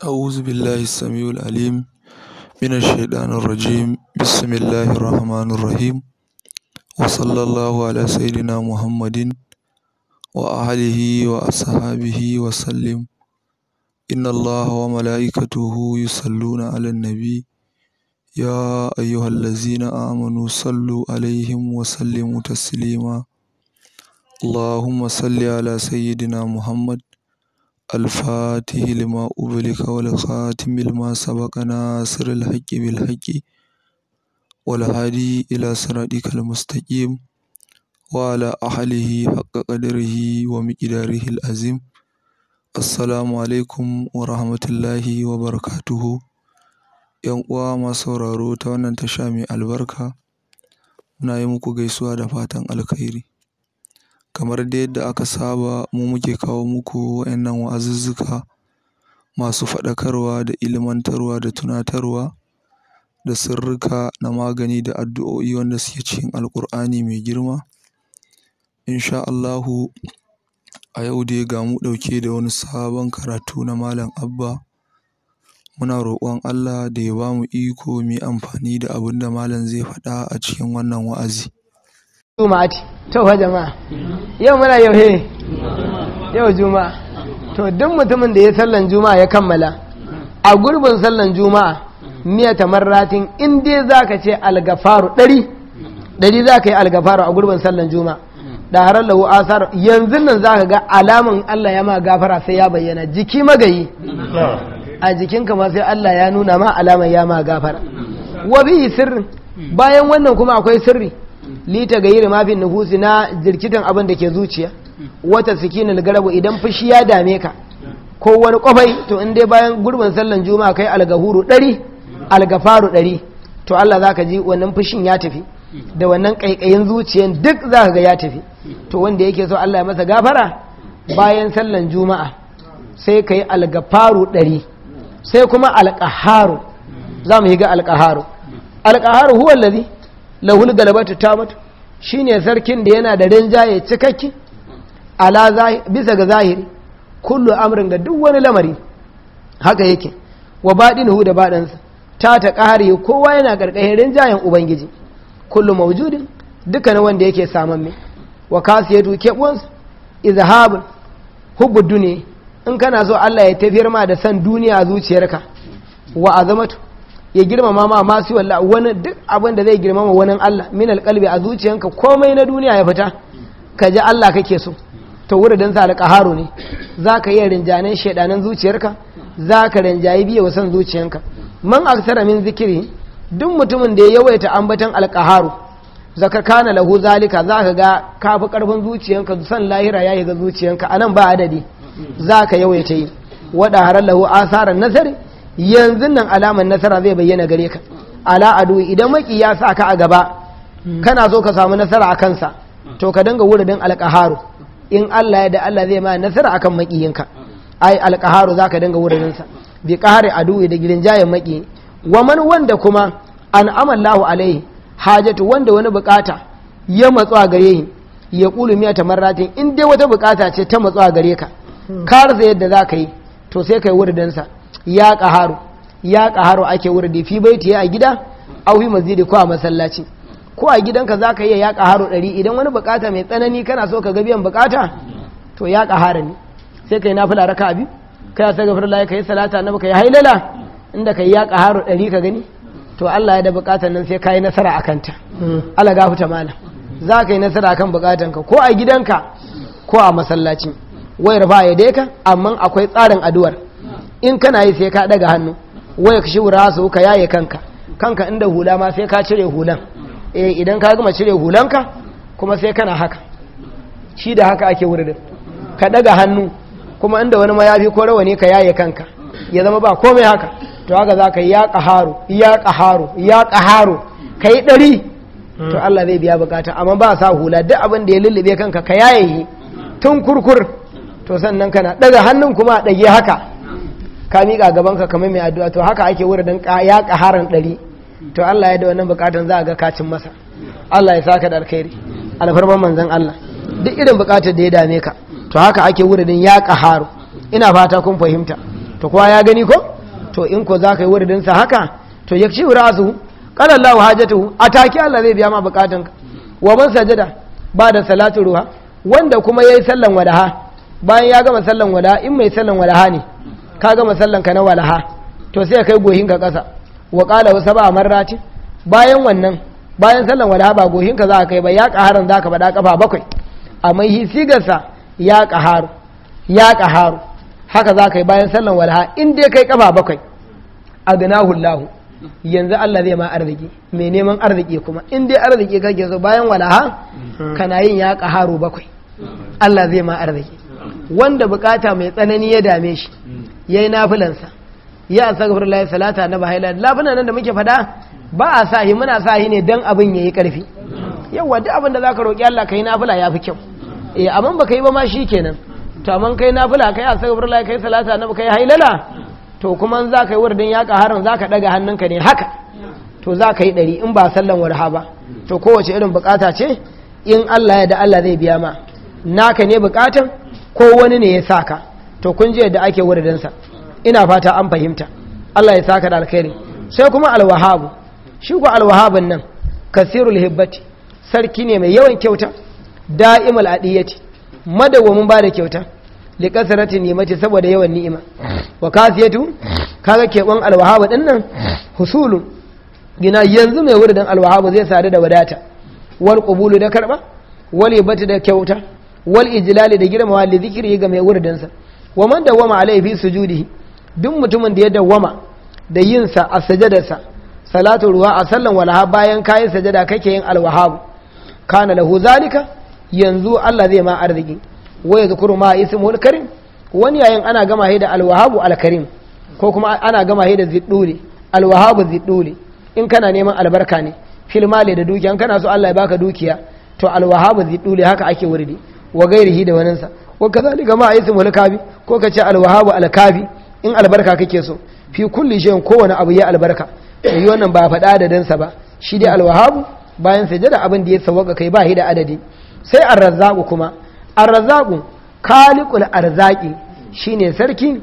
أعوذ بالله السميع العليم من الشيطان الرجيم بسم الله الرحمن الرحيم وصلى الله على سيدنا محمد وآله وأصحابه وسلم إن الله وملائكته يصلون على النبي يا أيها الذين آمنوا صلوا عليهم وسلموا تسليما اللهم صل على سيدنا محمد الفاتح لما أغلق والخاتم لما سبق ناصر الحق بالحق والهادي إلى صراطك المستقيم وعلى أهله حق قدره ومقداره العظيم Assalamu alaikum wa rahmatullahi wa barakatuhu. ‘Yan uwa masu sauraro ta wannan tasha mai albarka, muna yi muku gaisuwa da fatan alkhairi. Kamar dai yadda aka saba mu muke kawo muku wa'innan wa'azuzzuka masu faɗakarwa da ilmantarwa da tunatarwa da sirrika na magani da addu'o'i wanda suke cikin alƙur'ani mai girma. In Allahu a yau dai ga mu ɗauke da wani sabon karatu na Malam Abba. Muna roƙon Allah da ya bamu iko yi amfani da abinda Malam zai faɗa a cikin wannan wa'azi. juma'ati to fa jama'a yau muna yau he yau juma'a to duk mutumin da ya sallan juma'a ya kammala a gurbin sallan juma'a miya tamarratin in dai zaka ce algafaru ɗari ɗari za yi algafaru a gurbin sallan juma'a da har lahu asar yanzu nan zaka ga alaman Allah ya ma gafara sai ya bayyana jiki magayi a jikinka ma sai Allah ya nuna ma alaman ya ma gafara wa bi sirrin bayan wannan kuma akwai sirri lita ga yiri mafin nufusi na jirkitan abin da ke zuciya wata sikinin garabu idan fushi ya dame ka ko wani kwafai to in dai bayan gurbin sallan juma'a kai algahuru ɗari algafaru ɗari to Allah za ka ji wannan fushin ya tafi da wannan ƙaiƙayin zuciyan duk za ka ga ya tafi to wanda yake so Allah ya masa gafara bayan sallan juma'a sai ka yi algafaru ɗari sai kuma alƙaharu za mu yi ga alƙaharu alƙaharu huwa lazi lahul galabatu ta mutu shine sarkin da yana da rinjaye cikakke ala bisa ga zahiri kullu amrin ga duk wani lamari haka yake wa baɗinuhu da baɗansa ta ta ƙari kowa yana ƙarƙashin rinjayen ubangiji kullu duka dukkanin wanda yake saman mai wa kasu ya duke ɓuwansu izahabin hubbu duniya in kana so allah ya tafiyar ma da san duniya zuciyarka wa azamatu ya girmama ma ma su wani duk abin da zai girmama wani Allah min alƙalbi a zuciyanka komai na duniya ya fita ka ji Allah kake so to don sa alqaharu ne za ka yi rinjanen shaidanen zuciyarka za ka rinjaye biya wasan zuciyanka man aksara min zikiri duk mutumin da ya yawaita ambatan za zaka kana lahu zalika za ka ga kafi karfin zuciyanka san lahira ya yi ga zuciyanka nan ba adadi za zaka yawaita yi wada harar lahu asarar nazari yanzu nan alamar nasara zai bayyana gare ka ala adu idan maki ya sa ka a gaba kana so ka samu nasara a kansa to ka danga wuridin alƙaharu in Allah ya da Allah zai ma nasara akan makiyinka ai alƙaharu zaka danga wuridin sa bi qahari adu da gidan jayin maki wa man wanda kuma an amallahu alaihi hajatu wanda wani bukata ya matsu a gare shi ya kulu miya ta marratin in dai wata bukata ce ta matsu a gare ka ka yadda za ka yi to sai kai yi wuridin sa ya haro ya haro ake da fi baiti a gida a fi masjidi ko a masallaci ko a gidanka za ka iya ya haro ɗari idan wani bukata mai tsanani kana so ka ga biyan bukata to ya ƙahara ne sai kai nafila raka'a biyu kai sai gafar ka yi salata na baka ya hailala inda ka yi ya haro ɗari ka gani to Allah ya da bukatan nan sai ka yi nasara a kanta Allah ta mana za ka yi nasara a kan bukatanka ko a gidanka ko a masallaci wai rafa ya dai ka amma akwai tsarin addu'ar in kana yi sai ka daga hannu wai waya wura su ka yaye kanka kanka inda hula ma sai ka cire hulan eh idan ka gama cire hulanka kuma sai kana haka shi da haka ake wurin ka daga hannu kuma inda wani ma mayafi ko rawani ka yaye kanka ya zama ba komai haka to haka za ka yi ya qaharu ya qaharu ya qaharu ka yi ɗari to Allah zai biya bukata amma ba sa hula duk abin da ya lullube kanka ka yaye tun kurkur to sannan kana daga hannun kuma a ɗage haka ka miƙa gaban ka kamar mai addu'a to haka ake wurin dan ya ƙaharan ɗari to Allah ya da wannan buƙatan za a ga kacin masa Allah ya saka da alkhairi alfarman manzon Allah duk irin buƙatar da ya dame ka to haka ake wurin ya ƙaharu ina fata kun fahimta to kowa ya gani ko to in ko za ka yi wurin sa haka to ya ci rasu qala Allahu A ataki Allah zai biya ma ka. wa man sajada ba da salatu ruha wanda kuma yayi sallan wadaha bayan ya gama sallan wadaha in mai sallan wadaha ne ka gama sallan ka na walaha to sai kai gohin ka kasa wa qala wa sab'a marrati bayan wannan bayan sallan walaha ba gohin ka za ka kai ba ya qaharan za ka bada kafa bakwai amma hi sigarsa ya qahar ya qahar haka za ka yi bayan sallan walaha in dai kai kafa bakwai adnahu Allah yanzu Allah zai ma arziki mai neman arziki kuma in dai arziki kake so bayan walaha mm. kana yin ya qaharu bakwai Allah zai ma arziki wanda bukata mai tsanani ya dame shi mm. yayi nafilansa ya astaghfir layi salata na bahaila labunan nan da muke fada ba a sahi muna sahi ne dan abin yayi karfi yawa duk abin da zaka roki Allah kai nafila yafi kyau eh amma ka yi ba ma shikenan to amma kai nafila kai astaghfir lillahi kai salata na kai hailala to kuma in zaka yi wurdin ya kaharin zaka daga hannunka ne haka to za yi ɗari in ba sallan warha ba to kowace irin bukata ce in Allah ya da Allah zai biya ma naka ne bukatan ko wani ne ya sa ka, to kun ji yadda ake wuridansa ina fata an fahimta Allah ya saka da alkhairi sai kuma alwahabu shi ko alwahabun nan kasirul hibbati sarki ne mai yawan kyauta da'imul adiyati madawamin ba da kyauta li kasarati nimati saboda yawan ni'ima wa kasiyatu kaga keban alwahabu din nan husulun gina yanzu mai wuridan alwahabu zai sadu da wadata wal qabulu da karba wal hibbati da kyauta wal ijlali da girmama li zikri ga mai wurdin sa wa man dawama alai fi sujudihi duk mutumin da ya dawama da yin sa a sajadarsa salatu ruwa a sallan walaha bayan kayan sajada kake yin alwahabu kana lahu zalika yanzu Allah zai ma arziki wa yadhkuru ma ismul karim wani yayin ana gama da alwahabu alkarim ko kuma ana gama da zidduli alwahabu zidduli in kana neman albarka ne fil mali da dukiya kana so Allah ya baka dukiya to alwahabu zidduli haka ake wurdi wa gairihi da waninsa wa kazalika ma ismu al-kafi ko ka ce alwahabu in albarka kake so fi kulli shay'in kowane abu ya albarka yi wannan ba faɗa da dansa ba shi dai alwahabu. Bayan sai sajada abin da ya sawaka kai ba da adadi sai arrazaku kuma arrazaku kalikun khaliqul arzaki shine sarki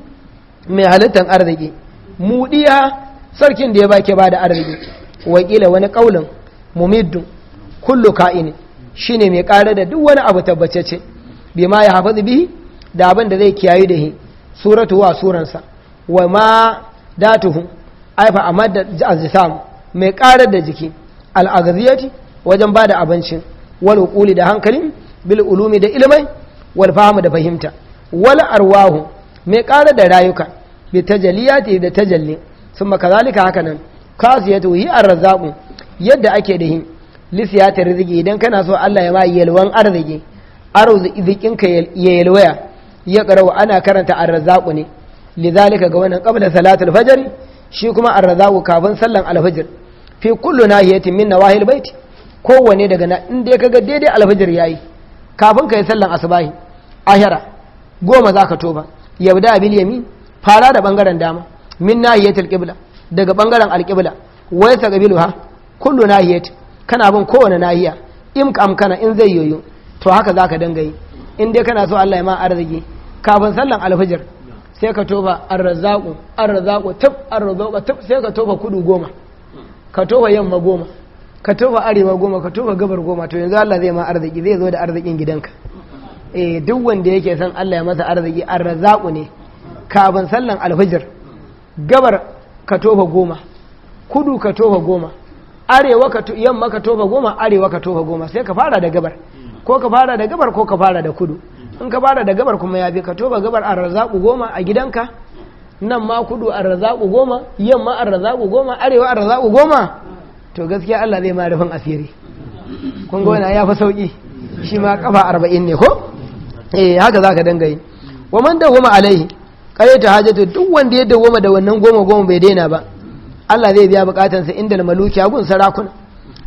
mai halittar arziki mudiya sarkin da ya bake ba da arziki wakila wani kaulin mumiddu kullu ka'ini Shi ne mai ƙara da duk wani abu ce, bi ma ya hafazu bihi da abin da zai kiyayi da hi suratu wa suransa wa ma datuhu aifa amma da azisam mai kare da jiki al'agaziyati wajen ba da abincin wal uquli da hankali, bil ulumi da ilmai wal fahimu da fahimta wal arwahu mai ƙara da rayuka bi tajaliyati da tajalli summa kazalika nan kasiyatu hi ar yadda ake da hin lisiyata rizigi idan kana so Allah ya ma yalwan arziki arzikin ka ya yalwaya ya karawa ana karanta arzaku ne lizalika ga wannan qabla salatul fajr shi kuma arzaku kafin sallan alfajr fi kullu nahiyatin min nawahil bait kowanne daga na inda kaga daidai alfajr yayi kafin ka yi sallan asubahi ahira goma zaka toba yabda bil yamin fara da bangaren dama min nahiyatil qibla daga bangaren alqibla wa ha kullu nahiyatin kana bin kowane nahiya in amkana in zai yoyo to haka za ka dangaye in dai kana so Allah ya ma arziki kafin sallan alfajir sai ka tofa arzaku arrazaku tab arzaku tab sai ka tofa kudu goma ka tofa yamma goma ka tofa arewa goma ka tofa gabar goma to yanzu Allah zai ma arziki zai zo da arzikin gidanka eh duk wanda yake son Allah ya masa arziki arzaku ne kafin sallan alfajir gabar ka tofa goma kudu ka tofa goma arewa ka yamma ka tofa goma arewa ka tofa goma sai ka fara da gabar ko ka fara da gabar ko ka fara da kudu in ka fara da gabar kuma ya fi ka tofa gabar a razaku goma a gidanka nan ma kudu a razaku goma yamma a razaku goma arewa a razaku goma to gaskiya Allah zai ma rufin asiri kun ga ya fi sauki shi ma kafa arba'in ne ko eh haka zaka dangaye wa man dawoma alaihi qayyata hajatu duk wanda ya dawoma da wannan goma goma bai daina ba Allah zai biya bukatansa inda na maluki gun sarakuna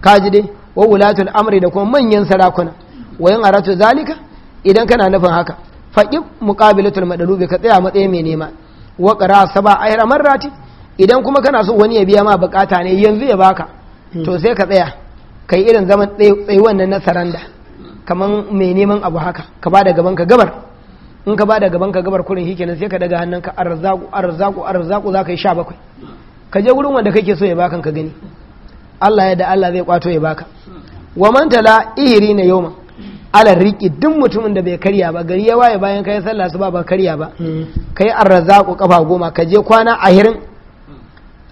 kaji dai wa wulatul amri da kuma manyan sarakuna yin aratu zalika idan kana nufin haka faqi muqabilatul madalubi ka tsaya matsayin mai nema wa qara saba ayra marrati idan kuma kana so wani ya biya ma bukata ne yanzu ya baka to sai ka tsaya kai irin zaman tsayi wannan na saranda kaman mai neman abu haka ka ba da gaban ka gabar in ka ba da gaban ka gabar kurin shi sai ka daga hannun ka arzaku arzaku arzaku za ka yi sha bakwai ka je gurin wanda kake so ya baka ka gani Allah ya da Allah zai kwato ya baka wa man tala ihri na yoma ala riki duk mutumin da bai karya ba gari ya waye bayan kai sallah su ba ba karya ba hmm. kai arrazaqu kafa goma ka je kwana ahirin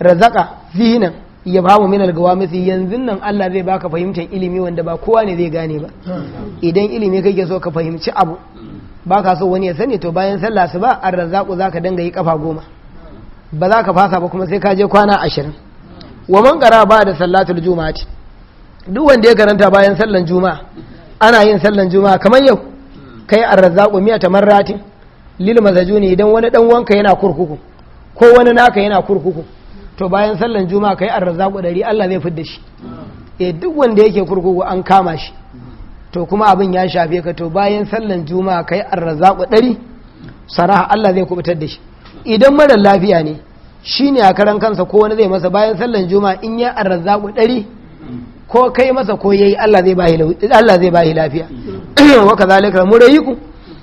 razaka zinan ya mu min gawamisi yanzu nan Allah zai baka fahimtar ilimi wanda ba kowa ne zai gane ba hmm. idan ilimi kake so ka fahimci abu baka so wani ya sani to bayan sallah su ba arrazaqu zaka danga yi kafa goma ba za ka fasa ba kuma sai ka je kwana ashirin wa man kara ba da salatul juma'a duk wanda ya karanta bayan sallan juma'a ana yin sallan juma'a kamar yau kai arrazzaqu miyata rati. lil mazajuni idan wani dan wanka yana kurkuku ko wani naka yana kurkuku to bayan sallan juma'a kai arrazzaqu dari Allah zai fidda shi eh duk wanda yake kurkuku an kama shi to kuma abin ya shafe ka to bayan sallan juma'a kai arrazzaqu dari saraha Allah zai kubutar da shi idan marar lafiya ne shi ne a karan kansa ko wani zai masa bayan sallan juma'a in ya arzaku ɗari ko kai masa ko yayi Allah zai bayi lafiya wa yi murayiku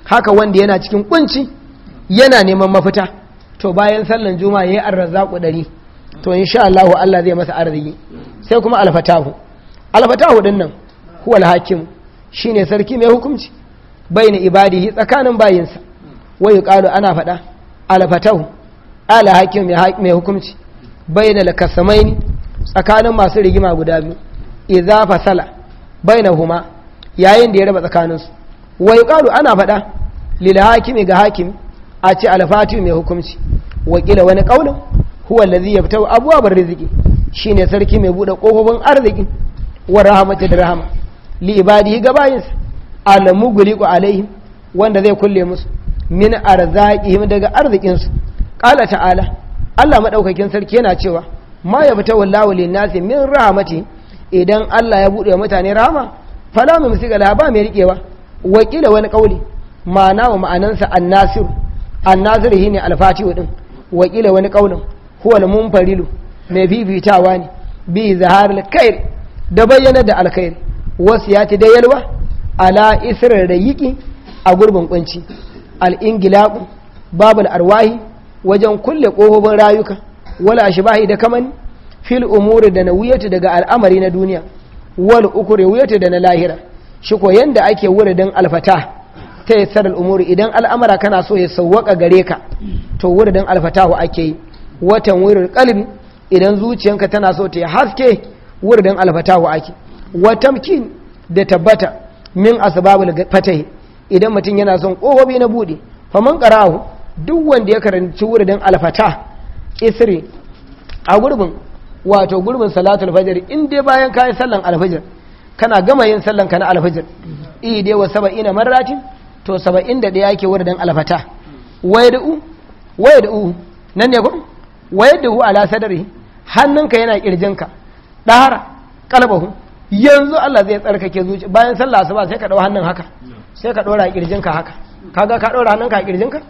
haka wanda yana cikin kunci yana neman mafita to bayan sallan juma'a yayi arzaku ɗari to insha Allah Allah zai masa arziki sai kuma alfatahu alfatahu din nan huwal hakim shine sarki mai hukunci baina ibadihi tsakanin bayinsa wai yuqalu ana faɗa alfatau ala hakim mai hukunci bayyana lakasamaini tsakanin masu rigima guda biyu iza fasala huma yayin da ya raba tsakaninsu wai ƙalu ana faɗa lila hakimi ga hakimi a ce alfatu mai hukunci wakila wani kaulin huwa abuwa yabtau riziki shi ne sarki mai buɗe kofofin arziki wa rahamata da rahama li ibadihi alamu guliku alaihim wanda zai kulle musu min daga arzikinsu qala ta'ala Allah madaukakin sarki yana cewa ma yabta wallahu nasi min rahmati idan Allah ya bude mutane rahama fala mu la ba mai rikewa Waƙila wani kauli ma'ana wa ma'anansa annasir annasir shine alfatihu din Waƙila wani kaulin huwa al-munfarilu mai bibitawa ne bi zahar al-khair da bayyana da alkhair wasu ya da yalwa ala israr da yiki a gurbin kunci al'ingilaɓu babul arwahi wajen kulle ƙofofin rayuka wal shibahi da kaman fil umuri da nawiyatu daga al'amari na duniya wal ukuriyatu da na lahira shi ko yanda ake don alfata ta yassar al'umuri idan al'amara kana so ya sauwaƙa gare ka to wuridin alfatahu ake yi watan wurin kalbi idan zuciyanka tana so ta haske wuridin alfatahu ake watamkin da tabbata min asbabul fatahi idan mutum yana son ƙofofi na buɗe faman ƙara'ahu duk wanda ya karanci wuridin alfata isri a gurbin wato gurbin salatul fajr in dai bayan kayan sallan alfajar kana gama yin sallan ka na alfajar i dai wa saba'ina marratin to saba'in da ɗaya ke wuridin alfata wayad'u u nan ne gurbin wayad'u ala sadari hannunka yana kirjinka ɗahara kalbahu yanzu Allah zai tsarkake zuci bayan sallah asuba sai ka ɗau hannun haka sai ka ɗora a ƙirjinka haka kaga ka ɗora hannunka a ƙirjinka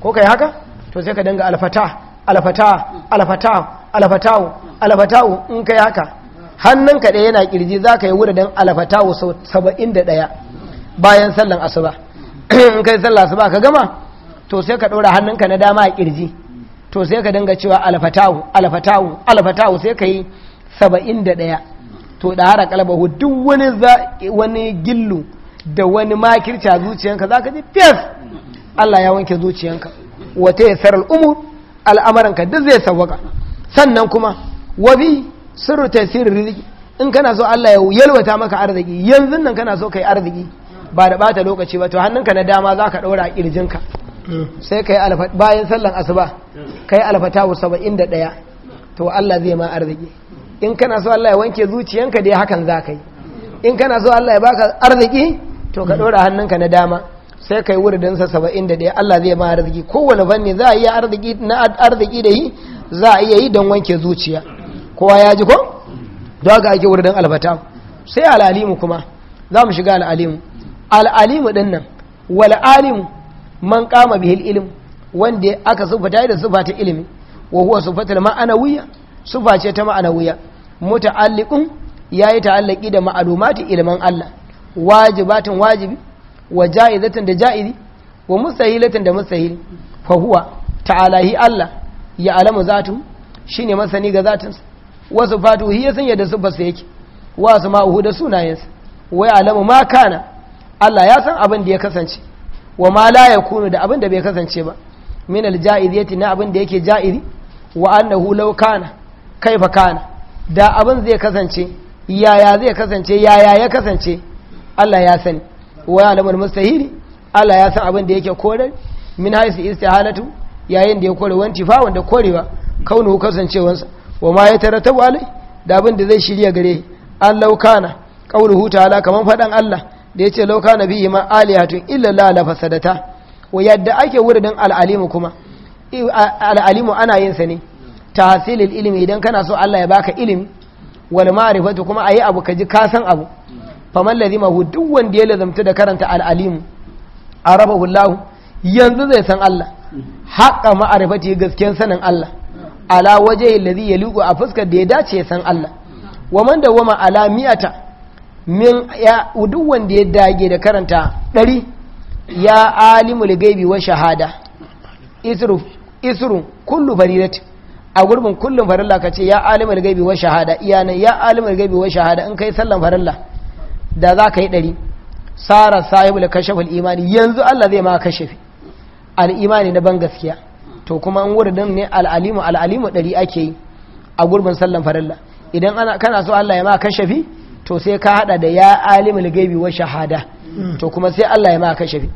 ko ka yi haka to sai ka dinga alfata alfata alfata alfata alfata in ka yi haka hannunka ɗaya yana ƙirji za ka yi don alfatawo sau saba'in da ɗaya bayan sallan asuba in ka yi sallan asuba ka gama to sai ka ɗora hannunka na dama a ƙirji to sai ka dinga cewa alfatawo alfatawo alfatawo sai ka yi saba'in da ɗaya to da hara kalabahu duk wani gillu da wani makirci a zuciyanka za ka ji fiyas Allah ya wanke zuciyanka wata ya sarar umur al'amuranka duk zai sauwaka sannan kuma wabi ta sirri riziki in kana so Allah ya yalwata maka arziki yanzu nan kana so ka yi arziki ba da bata lokaci ba to hannunka na dama za ka ɗora ƙirjinka sai ka yi bayan sallan asuba ka yi alfatahu saba'in da ɗaya to Allah zai ma arziki in kana so Allah ya wanke zuciyanka dai hakan za ka yi in kana so Allah ya baka arziki to ka dora hannunka na dama sai kai wuridinsa saba'in da ɗaya Allah zai ma arziki kowane fanni za a iya arziki na arziki da yi za a iya yi don wanke zuciya kowa ya ji ko don haka ake wuridin albata sai al'alimu kuma za mu shiga al'alimu al'alimu din nan wal'alimu man kama bihil ilim wanda aka sufata da sufata ta ilimi wa huwa sufatul ma'anawiyya sufa ce ta ma'anawiyya muta'alliqun yayi ta'allaki da ma'lumati ilman Allah wajibatin wajibi wa ja'izatan da ja'izi wa mustahilatan da mustahil fa huwa ta'ala hi Allah ya alamu zatu shine masani ga zatin wa sifatu hiya yasan yadda sifarsa yake wa asma'uhu da sa wa ya alamu ma kana Allah ya san abin da ya kasance wa ma la yakunu da abin da bai kasance ba min ja'iziyati na abin da yake ja'izi wa annahu law kana kaifa kana da abin zai kasance yaya zai kasance yaya ya kasance Allah ya sani wa ya alamul mustahili Allah ya san abin da yake korar min haisu istihalatu yayin da ya kore wanti fa wanda korewa kaunu kasancewansa wa ma ya tarattabu alai da abin da zai shirya gare an laukana qauluhu ta'ala kaman fadan Allah da yace laukana bihi ma alihatun illa la la fasadata wa yadda ake wuridin al'alimu kuma al'alimu ana yin sa ne tahsilil ilimi idan kana so Allah ya baka ilimi wal ma'rifatu kuma ayi abu ka ji ka san abu faman lazimahu duk wanda ya lazamta da karanta al'alimu a raba hullahu yanzu zai san Allah haƙa ma'arifati gaskiyar sanin Allah ala waje lazi ya liƙo a fuskar da ya dace san Allah wa man da wama ala miyata min ya duk wanda ya dage da karanta ɗari ya alimul gaibi wa shahada isru kullu faridati a gurbin kullum farilla ka ce ya alimul gaibi wa shahada iyanan ya alimul gaibi wa shahada in kai sallan farilla da za ka yi ɗari sara sahibul kashaful imani yanzu Allah zai ma kashafi al'imani na ban gaskiya to kuma an wurin ne al'alimu al'alimu ɗari ake yi a gurbin sallan farilla idan kana so Allah ya ma kashafi to sai ka haɗa da ya alimu gaibi wa shahada mm. to kuma sai Allah ya ma kashafi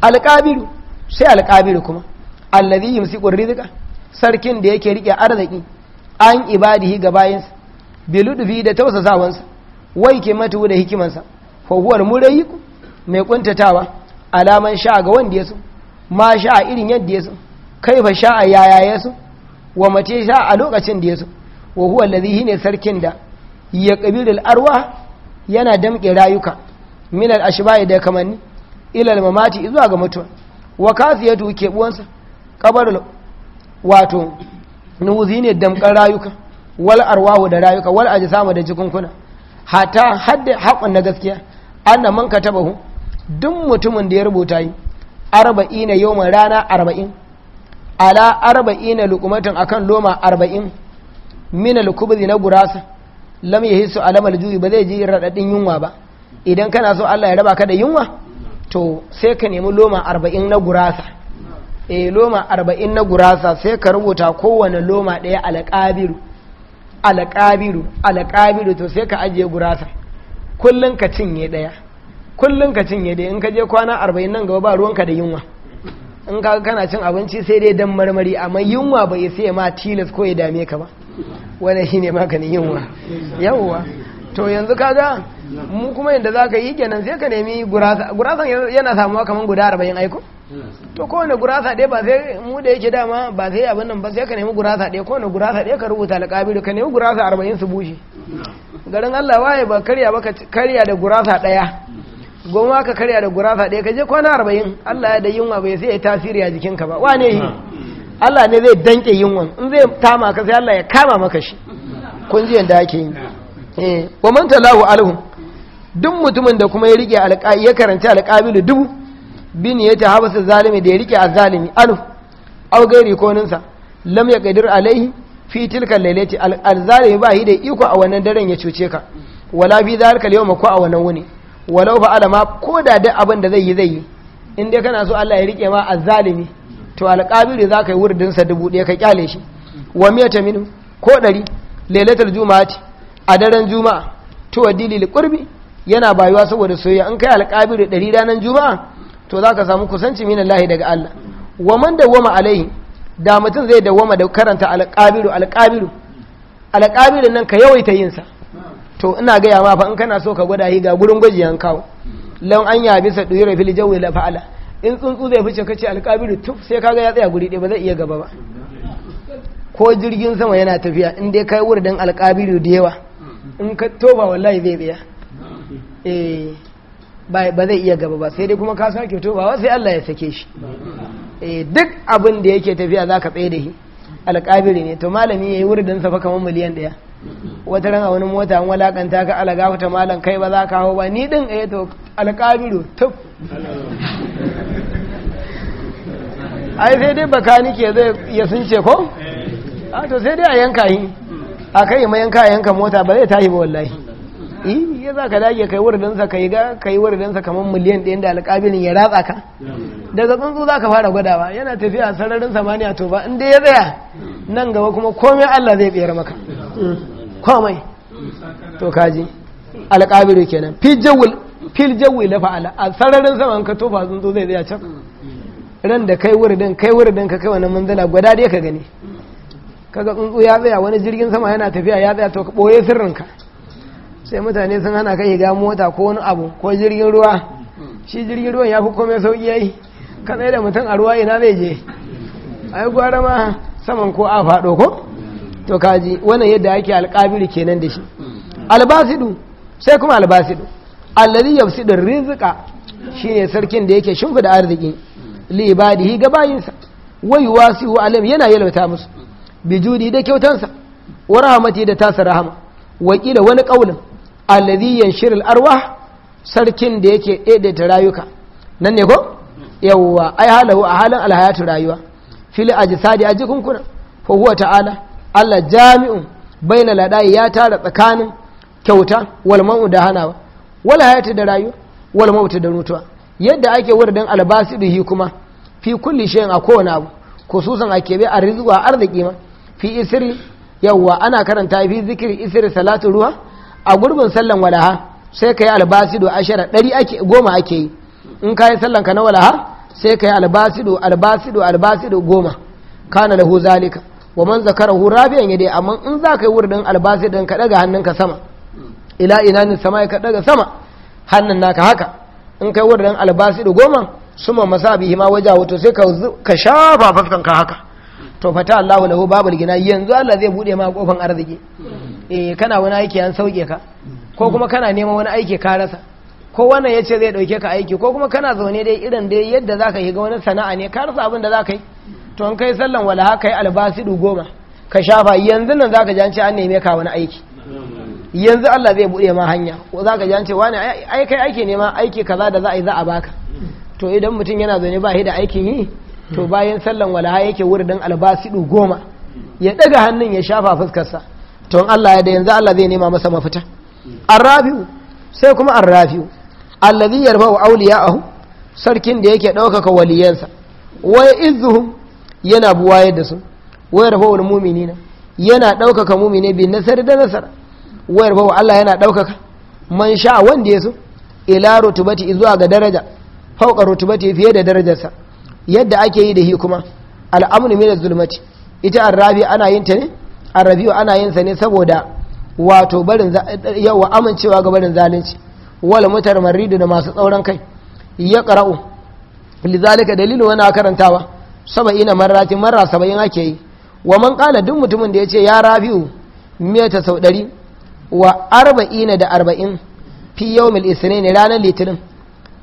alƙabiru sai alƙabiru kuma allazi yumsiqur rizika sarkin da yake rike arziki an ibadihi ga bayinsa biludufi da tausasawansa wai ke mata da hikimansa fahuwar murayi mai kuntatawa alaman sha ga wanda ya su, ma sha irin yadda ya su, kaifa sha a yaya ya su, wa mace sha a lokacin da ya su, wa huwa ne sarkin da ya qabilul arwa yana damƙe rayuka minal al yi da kamanni ilal mamati zuwa ga mutuwa wa ya tuke buwansa kabar wato nuzi ne damƙar rayuka wal arwahu da rayuka wal ajsamu da jikunkuna hata hadda haƙon na gaskiya ana man ka taba hu duk mutumin da ya rubuta yi arba'ina yawman rana arba'in ala arba'ina lukumatin akan loma arba'in mina lukubuzi na gurasa lam ya hisu alamar juyi ba zai ji raɗaɗin yunwa ba idan kana so Allah ya raba ka da yunwa to sai ka nemi loma arba'in na gurasa e loma arba'in na gurasa sai ka rubuta kowane loma ɗaya alƙabiru alƙabiru alƙabiru to sai ka ajiye gurasa kullum ka cinye ɗaya kullum ka cinye ɗaya in ka je kwana arba'in nan gaba ba ruwanka da yunwa in ka kana cin abinci sai dai dan marmari amma yunwa bai sai ma tilas ko ya dame ka ba wanda shi ne maganin yunwa yawwa to yanzu kaga mu kuma yadda za ka yi kenan sai ka nemi gurasa gurasan yana samuwa kamar guda arba'in aiko to kowane gurasa ɗaya ba sai mu da yake dama ba sai abin nan ba sai ka nemi gurasa ɗaya kowane gurasa ɗaya ka rubuta alƙabiru ka nemi gurasa arba'in su bushe garin allah waye ba karya ba ka karya da gurasa ɗaya goma ka karya da gurasa ɗaya ka je kwana arba'in allah ya da yunwa bai sai ya tasiri a jikinka ba wane yi allah ne zai danke yunwan in zai tama ka sai allah ya kama maka shi kun ji yadda ake yi eh, wa Manta lahu duk mutumin da kuma ya rike alƙa ya karanci alƙabilu dubu bin ya ta haɓasa zalimi da ya rike a zalimi alif au gairi koninsa lam ya kadir alaihi fi tilkan lailaci alzalimi ba da iko a wannan daren ya cuce ka wala fi zalika yawma ko a wannan wuni walau fa alama ko da duk abin da zai yi zai yi in dai kana so Allah ya rike ma azzalimi to alqabiri zaka yi wurdin sa dubu ɗaya ka kyale shi wa miya ta minu ko ɗari lailatul juma'ati a daren juma'a to wa dilil qurbi yana bayuwa saboda soyayya in kai alqabiri ɗari ranar juma'a to za ka samu kusanci min Allah daga Allah wa man dawama alaihi da mutum zai dawama da karanta alqabiru alqabiru alqabirin nan ka yawaita yin sa to ina ga ya ma fa in kana so ka gwada hi ga gurin gwaji an kawo lan an ya bisa duyura fil jawi la fa'ala in tsuntsu zai fice ce alqabiru tuf sai kaga ya tsaya guri dai ba zai iya gaba ba ko jirgin sama yana tafiya in dai kai wurin alqabiru da yawa in ka toba wallahi zai biya. eh ba zai iya gaba ba sai dai kuma ka sake wasu sai Allah ya sake shi eh, duk abin da yake tafiya za ka tsaye da shi alƙabiri ne to malami ya yi wuridin safa kamar miliyan ɗaya wata ran a wani mota an walakanta ka alaga ta malam kai ba za ka hau ba ni din eh to alƙabiru tuf ai sai dai baka nike zai ya sun ce ko a ah, to sai dai a yanka yi a kai ma yanka yanka mota ba zai tashi ba wallahi Eh, ya za ka dage kai wurdinsa ka yi ga ka yi wurdinsa kamar miliyan ɗaya da alƙabilin ya ratsa ka daga tsuntsu za ka fara gwadawa yana tafiya sararin samaniya to ba inda ya tsaya nan gaba kuma komai allah zai tsayar maka komai to kaji alƙabiru kenan fil jawi la fa'ala a sararin saman ka tofa tsuntsu zai tsaya can ran da kai wurdin kai wurdin ka kai wannan manzala gwada dai ka gani kaga tsuntsu ya tsaya wani jirgin sama yana tafiya ya tsaya to ka ɓoye sirrinka sai mutane sun hana kai shiga mota ko wani abu ko jirgin ruwa shi jirgin ruwan ya fi komai sauki ya ka tsaye da mutum a ruwa ina zai je ai gwara ma saman ko a faɗo ko to kaji wannan yadda ake alƙabiri kenan da shi albasidu sai kuma albasidu allazi yafsidu rizqa shine sarkin da yake shimfida arziki li ibadihi ga bayinsa wa alam alim yana yalwata musu bijudi da kyautansa wa rahmati da tasa rahama wakila wani kaulin alladhi shirin arwah sarkin da yake daidaita rayuka nan ne ko yawwa ai halahu a halin alhayatu rayuwa fil ajsadi a jikin kuna fa huwa ta'ala Allah jami'un baina ladai ya tara tsakanin kyauta wal ma'u da hanawa wal hayatu da rayuwa wal mautu da mutuwa yadda ake wurdan albasidihi kuma fi kulli shay'in a kowane abu khususan ake bai arzuwa arziki ma fi isri yawwa ana karanta fi zikri isri salatu ruha a gurbin sallan walaha sai ka yi albasido ashara ɗari ake goma ake yi in ka yi sallan ka na walaha sai ka yi albasido albasido albasido goma kana da zalika wa man zakarahu rabi'an yadai amma in za ka yi wurin albasidin ka daga ka sama ila ina ni sama ka daga sama hannun naka haka in kai wurin albasido goma suma masabihi ma wajahu wato sai ka shafa fafkan ka haka to fata Allahu lahu babul gina yanzu Allah zai bude ma kofan arziki eh kana wani aiki an sauke ka ko kuma kana neman wani aiki ka rasa ko wannan yace zai dauke ka aiki ko kuma kana zaune dai irin dai yadda zaka yi ga wani sana'a ne ka rasa abin da zaka yi to an kai sallan wala haka yi albasidu goma ka shafa yanzu nan zaka ji an ce an neme ka wani aiki yanzu Allah zai bude ma hanya ko zaka ji an ce wani ai kai aiki ne ma aiki kaza da za a yi za a baka to idan mutum yana zaune ba shi da aikin yi to bayan sallan walaha yake wuridin albasidu goma ya daga hannun ya shafa fuskarsa to Allah ya da yanzu Allah zai nema masa mafita arrafi'u sai kuma arrafi'u allazi yarfa'u awliya'ahu sarkin da yake ɗaukaka waliyansa Wai izuhum yana buwaye da su rafa wal mu'minina yana ɗaukaka mu'mine bi nasar da nasar wai rafa Allah yana ɗaukaka man sha wanda ya su ila rutubati zuwa ga daraja fauka rutubati fiye da darajarsa yadda ake yi da hi kuma al'amnu min zulmati ita arabi ana yin ta ne arrabiyu ana yin sa ne saboda wato barin yawa amincewa ga barin zalunci wal mutar maridu da masu tsauran kai ya qara'u lidhalika dalilu wana karantawa saba'ina marrati marra saba'in ake yi wa man qala duk mutumin da yace ya rabiu miyata sau ɗari wa arba'ina da arba'in fi yawmil isnin ranar litinin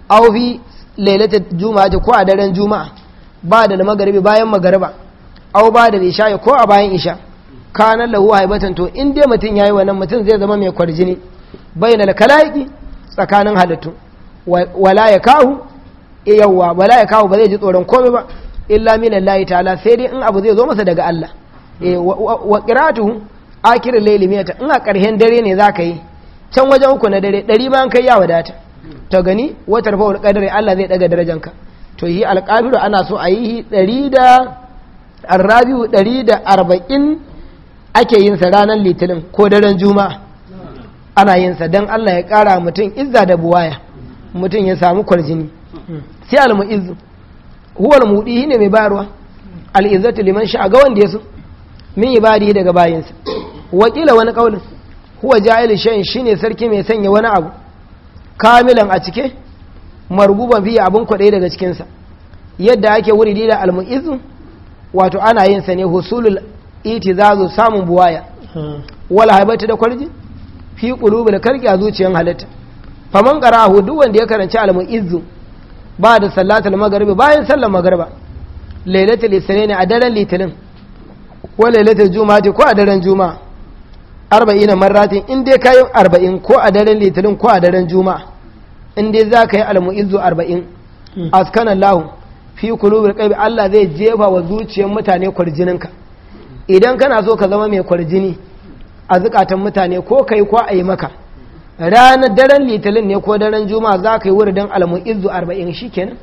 aw fi Lailata juma'a ce ko a daren juma'a ba da na magaribi bayan magariba au ba da isha ko a bayan isha kanan lahu haibatan to in dai mutum yayi wannan mutum zai zama mai kwarjini bainal kalaiki tsakanin halittu wala ya kahu yawwa wala ya kahu ba zai ji tsoron komai ba illa min layi ta'ala sai dai in abu zai zo masa daga Allah eh, wa qira'atuhu akir layli miyata in a karhen dare ne zaka yi can wajen uku na dare dari ma an kai ya wadata ta gani wata rufa wani kadari Allah zai daga darajanka to yi alƙabiru ana so a yi ɗari da arrabiu ɗari da arba'in ake yin sa ranar litinin ko daren juma'a ana yin sa don Allah ya ƙara mutum izza da buwaya mutum ya samu kwarjini sai almu'izzu huwal mudi ne mai bayarwa al'izzatu liman a ga wanda ya so min ibadi daga bayinsa wakila wani kaulin huwa ja'il shi shine sarki mai sanya wani abu kamilan a cike marguban biya abin kwaɗe daga cikinsa yadda ake wuridi da almu'izu wato ana yin sa ne husulul itizazu samun buwaya hmm. wala haibatu da kwarji fi da karki a zuciyan halitta faman a duk wanda ya karanci almu'izu ba da sallatar magarbi bayan sallar magarba lailatul isnin a daren litinin ko lailatul juma'a ko a daren juma'a arba'in marratin in dai ka yi arba'in ko a daren litinin ko a daren juma'a in dai za ka yi izu arba'in hmm. askanan lahu fi kulubir kaibi Allah zai jefa wa zuciyar mutane kwarjininka idan kana so ka zama mai kwarjini a zukatan mutane ko yi ko a yi maka ranar daren litinin ne ko daren juma'a za ka yi wuridin izu arba'in shikenan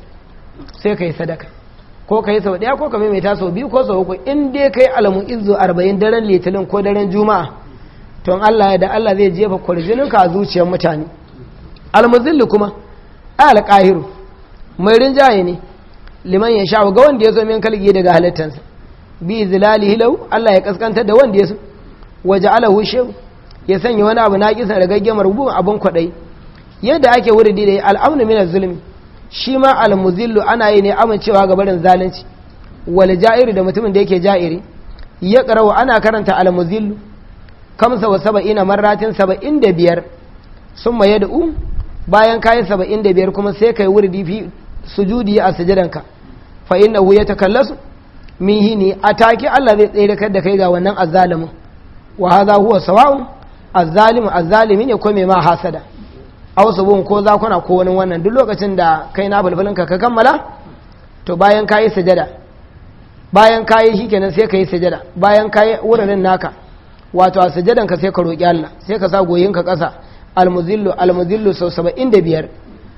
sai ka yi sadaka ko ka yi sau ɗaya ko ka maimaita sau biyu ko sau uku in dai ka yi izu arba'in daren litinin ko daren juma'a Ton Allah ya da Allah zai jefa kwarjininka a zuciyar mutane almuzillu kuma alqahiru mai rinjaye ne liman ya sha'u ga wanda ya zo min kalgi daga halittansa bi zilalihi law Allah ya kaskantar da wanda ya so waja'alahu shehu ya sanya wani abu na kisan ragagge marbubun abun kwadai yadda ake wuri da al'amnu min zulmi shi ma almuzillu ana yi ne amincewa ga barin zalunci wal ja'iri da mutumin da yake ja'iri ya karawa ana karanta almuzillu kamsa wa saba'ina marratin saba'in da biyar sun maye da u bayan kayan saba'in da biyar kuma sai kai wurdi fi sujudi a sujudanka fa inna hu ya takallasu mihini hini a take Allah zai tsere da kai ga wannan azzalimin wa hadha huwa sawa'un azzalimu azzalimi ya ko ma hasada ausubun ko zakuna ko wani wannan duk lokacin da kai na bulbulinka ka kammala to bayan kayi sujada bayan kayi shikenan sai kayi sujada bayan kayi wuraren naka wato a sujadan ka sai ka roƙi Allah sai ka sa goyin ka ƙasa almuzillu almuzillu sau saba'in da biyar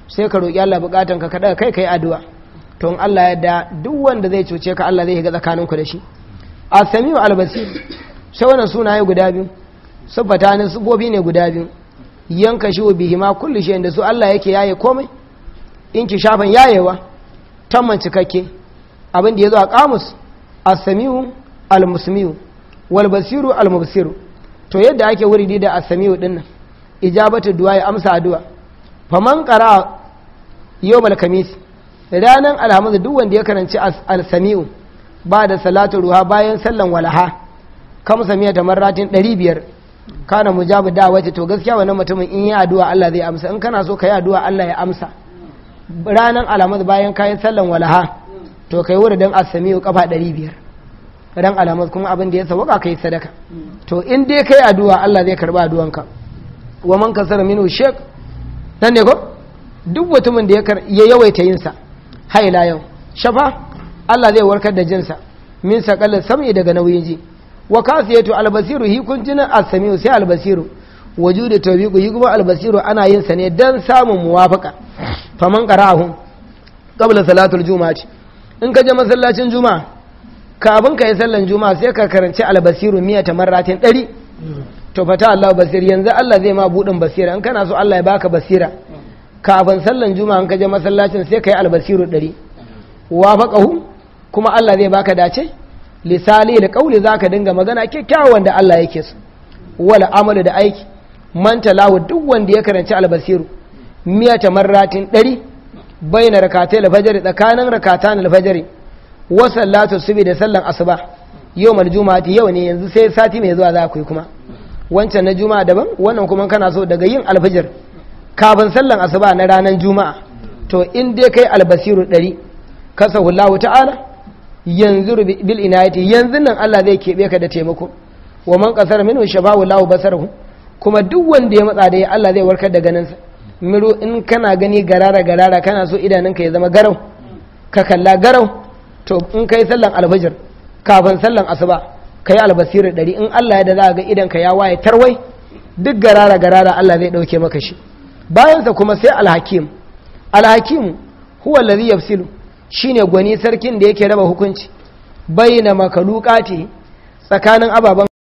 sai ka roƙi Allah buƙatan ka kaɗa kai kai addu'a to in Allah ya da duk wanda zai cuce ka Allah zai ga tsakanin ku da shi a samiu albasir sai wannan sunaye guda biyu siffata ne sibobi ne guda biyu yanka shi wa ma kullu shi da su Allah yake yaye komai in ki shafan yayewa tamman cikakke abin da ya zo a kamus as-samiu al-musmiu Walbasiru basiru to yadda ake wuridi da Asamiu dinnan din nan ijabatu du'a ya amsa addu'a man qara yawmal kamis ranan alhamis duk wanda ya karanci al ba da salatu ruha bayan sallan walaha kam samiya ta marratin 500 kana mujabu da'awati to gaskiya wannan mutumin in yi addu'a Allah zai amsa in kana so ka yi addu'a Allah ya amsa ranan alhamis bayan kayan sallan walaha to kai wuridan Asamiu kafa 500 ran alamar kuma abin da ya ka kai sadaka to in dai kai addu'a Allah zai karba addu'anka wa man kasara minhu shek nan ne ko duk mutumin da ya yawaita yin sa haila yau shafa Allah zai warkar da jinsa min saqal sam'i daga nauyin ji wa kasiyatu albasiru hi kuntina as-sami'u sai albasiru wajudu tawbiqu hi kuma albasiru ana yin sa ne dan samun muwafaqa faman qara'ahu qabla salatul jumu'ah in ka je masallacin juma'a kafin ka yi sallan juma'a sai ka karanci albasiru miya ta maratin ɗari to fata Allah basir yanzu Allah zai ma buɗin basira in kana so Allah ya baka basira kafin sallan juma'a in ka je masallacin sai ka yi albasiru ɗari wa hu? kuma Allah zai baka dace lisali da ƙauli za ka dinga magana kyakkyawa wanda Allah yake so wala amalu da aiki man duk wanda ya karanci albasiru miya ta maratin ɗari bai na rakatai alfajari tsakanin rakatan alfajari wa sallatu subhi da sallan asuba yau mal juma'ati yau ne yanzu sai sati mai zuwa za ku yi kuma wancan na juma'a daban wannan kuma kana so daga yin alfajir kafin sallan asuba na ranar juma'a to in dai kai albasiru ɗari kasahu Allah ta'ala yanzu bil inayati yanzu nan Allah zai keɓe ka da taimako wa man qasar minhu shafa'u lahu basaruhu kuma duk wanda ya matsa da Allah zai warkar da ganinsa miro in kana gani garara garara kana so idanunka ya zama garau ka kalla garau to in ka yi sallan alfajir kafin sallan asuba ka yi albasiru ɗari in Allah ya da za ga idan ka ya waye tarwai duk garara garara Allah zai ɗauke maka shi bayansa kuma sai alhakim alhakim huwa allazi yafsilu shine gwani sarkin da yake raba hukunci bayyana makalukati tsakanin ababen